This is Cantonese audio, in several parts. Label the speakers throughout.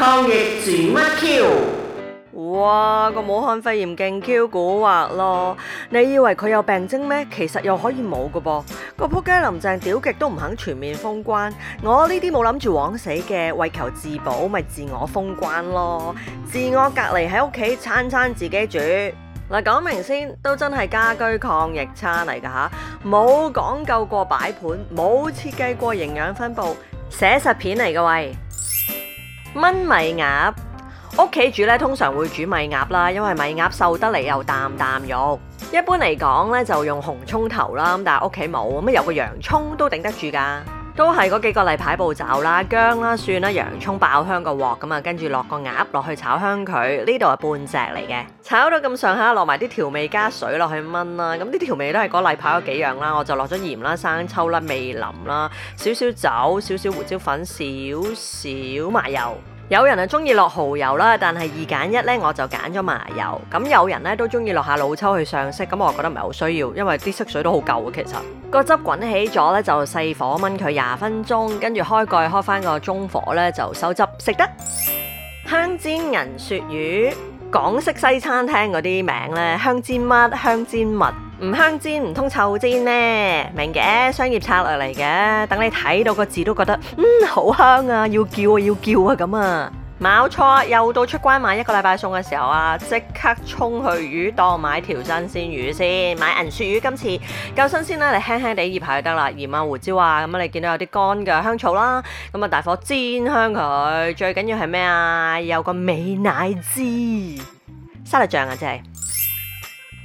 Speaker 1: 抗疫煮乜 Q？哇，個武漢肺炎勁 Q 蠱惑咯！你以為佢有病徵咩？其實又可以冇噶噃。個撲街林鄭屌極都唔肯全面封關，我呢啲冇諗住枉死嘅，為求自保咪自我封關咯。自我隔離喺屋企，餐餐自己煮。嗱，講明先都真係家居抗疫餐嚟噶吓，冇講究過擺盤，冇設計過營養分布，寫實片嚟嘅喂。炆米鴨，屋企煮通常會煮米鴨啦，因為米鴨瘦得嚟又啖啖肉。一般嚟講咧就用紅葱頭啦，但係屋企冇，有個洋葱都頂得住㗎。都係嗰幾個例牌步驟啦，薑啦、蒜啦、洋葱爆香個鑊咁啊，跟住落個鴨落去炒香佢，呢度係半隻嚟嘅，炒到咁上下，落埋啲調味加水落去炆啦，咁啲調味都係嗰例牌嗰幾樣啦，我就落咗鹽啦、生抽啦、味淋啦，少少酒、少少胡椒粉、少少麻油。有人啊中意落蠔油啦，但係二揀一呢，我就揀咗麻油。咁有人呢，都中意落下老抽去上色，咁我覺得唔係好需要，因為啲色水都好夠嘅。其實個汁滾起咗呢，就細火炆佢廿分鐘，跟住開蓋開翻個中火呢，就收汁。食得。香煎銀鱈魚，港式西餐廳嗰啲名呢，香煎乜香煎物。唔香煎唔通臭煎咩？明嘅，商業策略嚟嘅。等你睇到個字都覺得，嗯，好香啊，要叫啊，要叫啊咁啊。冇錯，又到出關買一個禮拜餸嘅時候啊，即刻衝去魚檔買條新鮮魚先，買銀鱈魚，今次夠新鮮啦，你輕輕地醃下就得啦，鹽啊胡椒啊，咁你見到有啲乾嘅香草啦，咁啊大火煎香佢，最緊要係咩啊？有個美乃滋沙律醬啊，真係。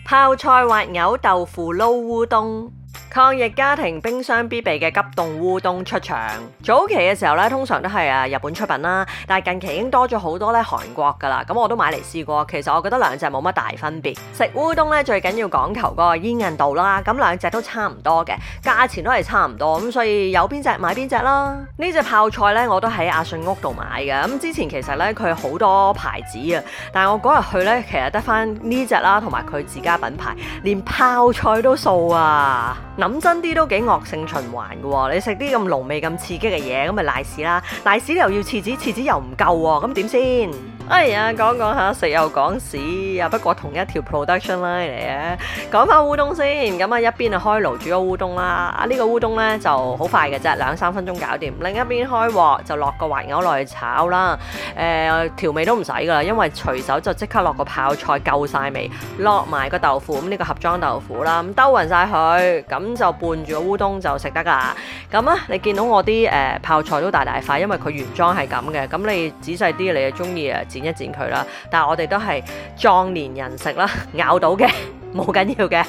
Speaker 1: 泡菜滑牛豆腐撈烏冬。抗疫家庭冰箱必備嘅急凍烏冬出場。早期嘅時候咧，通常都係啊日本出品啦，但係近期已經多咗好多咧韓國噶啦。咁我都買嚟試過，其實我覺得兩隻冇乜大分別。食烏冬咧，最緊要講求個煙韌度啦，咁兩隻都差唔多嘅，價錢都係差唔多，咁所以有邊隻買邊隻啦。呢隻泡菜咧，我都喺阿信屋度買嘅，咁之前其實咧佢好多牌子啊，但係我嗰日去咧其實得翻呢隻啦，同埋佢自家品牌，連泡菜都掃啊！諗真啲都幾惡性循環噶喎，你食啲咁濃味、咁刺激嘅嘢，咁咪瀨屎啦！瀨屎又要廁紙，廁紙又唔夠喎，咁點先？哎呀，講講下食又講屎，啊不過同一條 production line 嚟嘅。講翻烏冬先，咁啊一邊啊開爐煮個烏冬啦。啊、這、呢個烏冬呢就好快嘅啫，兩三分鐘搞掂。另一邊開鑊就落個滑牛落去炒啦。誒、呃、調味都唔使噶啦，因為隨手就即刻落個泡菜夠晒味，落埋個豆腐，咁呢個盒裝豆腐啦，咁兜勻晒佢，咁就拌住個烏冬就食得㗎啦。咁咧你見到我啲誒、呃、泡菜都大大塊，因為佢原裝係咁嘅。咁你仔細啲，你就中意啊～剪一剪佢啦，但係我哋都係壯年人食啦，咬到嘅冇緊要嘅，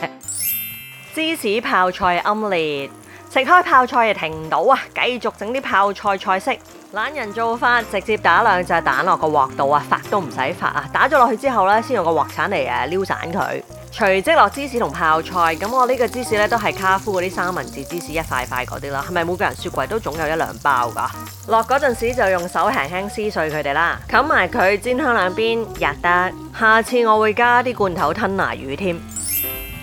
Speaker 1: 芝士泡菜奄列。食開泡菜又停唔到啊！繼續整啲泡菜菜式，懶人做法，直接打兩隻蛋落個鑊度啊，發都唔使發啊！打咗落去之後呢，先用個鑊鏟嚟啊撩散佢，隨即落芝士同泡菜。咁我呢個芝士呢，都係卡夫嗰啲三文治芝士，一塊塊嗰啲啦。係咪每個人雪櫃都總有一兩包噶？落嗰陣時就用手輕輕撕碎佢哋啦，冚埋佢煎香兩邊，日得。下次我會加啲罐頭吞拿魚添。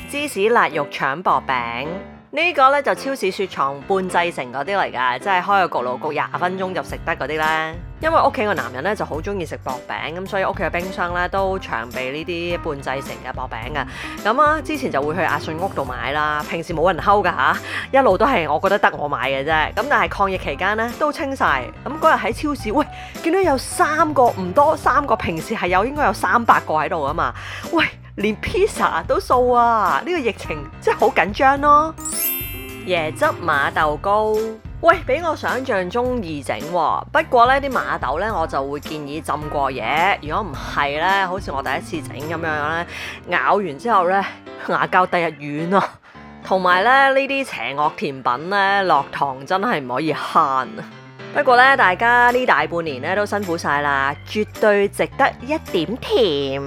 Speaker 1: 芝士辣肉腸薄餅。呢個呢，就超市雪藏半製成嗰啲嚟噶，即係開個焗爐焗廿分鐘就食得嗰啲呢。因為屋企個男人呢就好中意食薄餅，咁所以屋企嘅冰箱呢都長備呢啲半製成嘅薄餅噶。咁、嗯、啊，之前就會去阿信屋度買啦。平時冇人偷噶吓，一路都係我覺得得我買嘅啫。咁但係抗疫期間呢都清晒。咁嗰日喺超市，喂，見到有三個唔多，三個平時係有應該有三百個喺度啊嘛。喂，連披薩都掃啊！呢、這個疫情真係好緊張咯～椰汁馬豆糕，喂，比我想象中易整喎、哦。不過呢啲馬豆呢，我就會建議浸過夜。如果唔係呢，好似我第一次整咁樣樣咧，咬完之後呢，牙膠第一軟咯、啊。同埋咧，呢啲邪惡甜品呢，落糖真係唔可以慳、啊。不過呢，大家呢大半年呢都辛苦晒啦，絕對值得一點甜。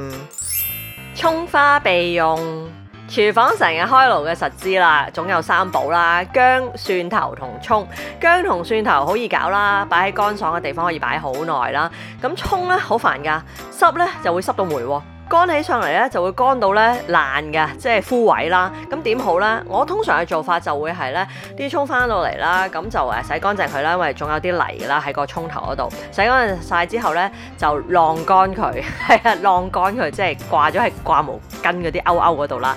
Speaker 1: 葱花備用。廚房成日開爐嘅食資啦，總有三寶啦：薑、蒜頭同葱。薑同蒜頭好易搞啦，擺喺乾爽嘅地方可以擺好耐啦。咁葱咧好煩噶，濕咧就會濕到霉喎。乾起上嚟咧就會乾到咧爛嘅，即係枯萎啦。咁點好咧？我通常嘅做法就會係咧啲葱翻到嚟啦，咁就誒洗乾淨佢啦，因為仲有啲泥啦喺個葱頭嗰度。洗乾淨晒之後咧就晾乾佢，係啊晾乾佢，即係掛咗喺掛毛巾嗰啲勾勾嗰度啦。